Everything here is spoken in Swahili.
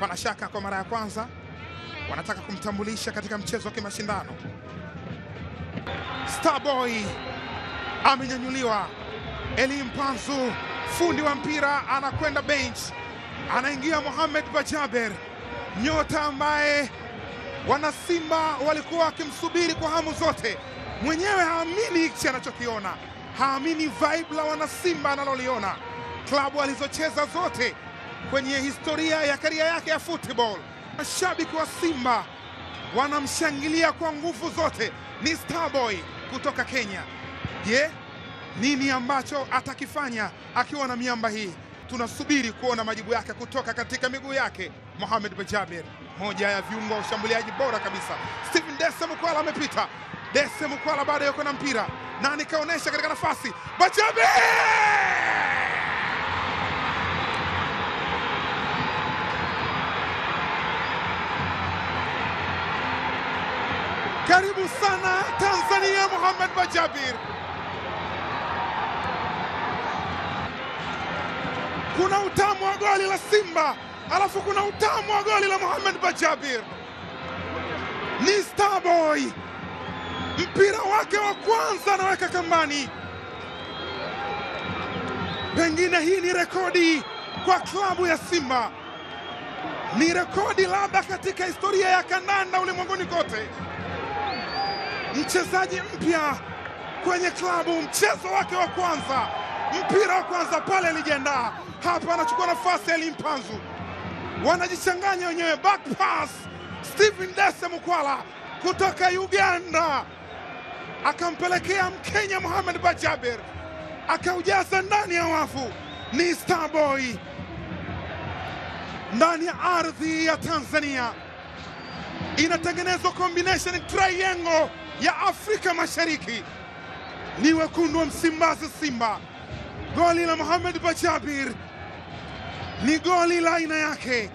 Hapana shaka kwa mara ya kwanza wanataka kumtambulisha katika mchezo wa kimashindano. Starboy amenyanyuliwa. Eli Mpanzu fundi wa mpira anakwenda bench, anaingia Mohamed Bajaber, nyota ambaye wanasimba walikuwa wakimsubiri kwa hamu zote. Mwenyewe haamini hichi anachokiona, haamini vibe la wanasimba analoliona, klabu alizocheza zote kwenye historia ya karia yake ya football. Mashabiki wa Simba wanamshangilia kwa nguvu zote, ni Starboy kutoka Kenya. Je, nini ambacho atakifanya akiwa na miamba hii? Tunasubiri kuona majibu yake kutoka katika miguu yake. Mohamed bajaber moja ya viungo wa ushambuliaji bora kabisa. Stephen Dese Mukwala amepita. Dese Mukwala bado yuko na mpira na nikaonyesha katika nafasi Bajabir Karibu sana Tanzania, Mohamed Bajabir. Kuna utamu wa goli la Simba, alafu kuna utamu wa goli la Mohamed Bajabir. Ni Starboy, mpira wake wa kwanza anaweka kambani. Pengine hii ni rekodi kwa klabu ya Simba, ni rekodi labda katika historia ya kandanda ulimwenguni kote mchezaji mpya kwenye klabu, mchezo wake wa kwanza, mpira wa kwanza pale alijiandaa, hapa anachukua nafasi alimpanzu wanajichanganya wenyewe, back pass Stephen Dese Mukwala kutoka Uganda akampelekea Mkenya Mohamed Bajaber akaujaza ndani ya wavu. Ni Starboy ndani ya ardhi ya Tanzania, inatengenezwa combination triangle ya Afrika Mashariki ni wekundu wa Msimbazi, Simba. Goli la Mohamed Bachabir ni goli la aina yake.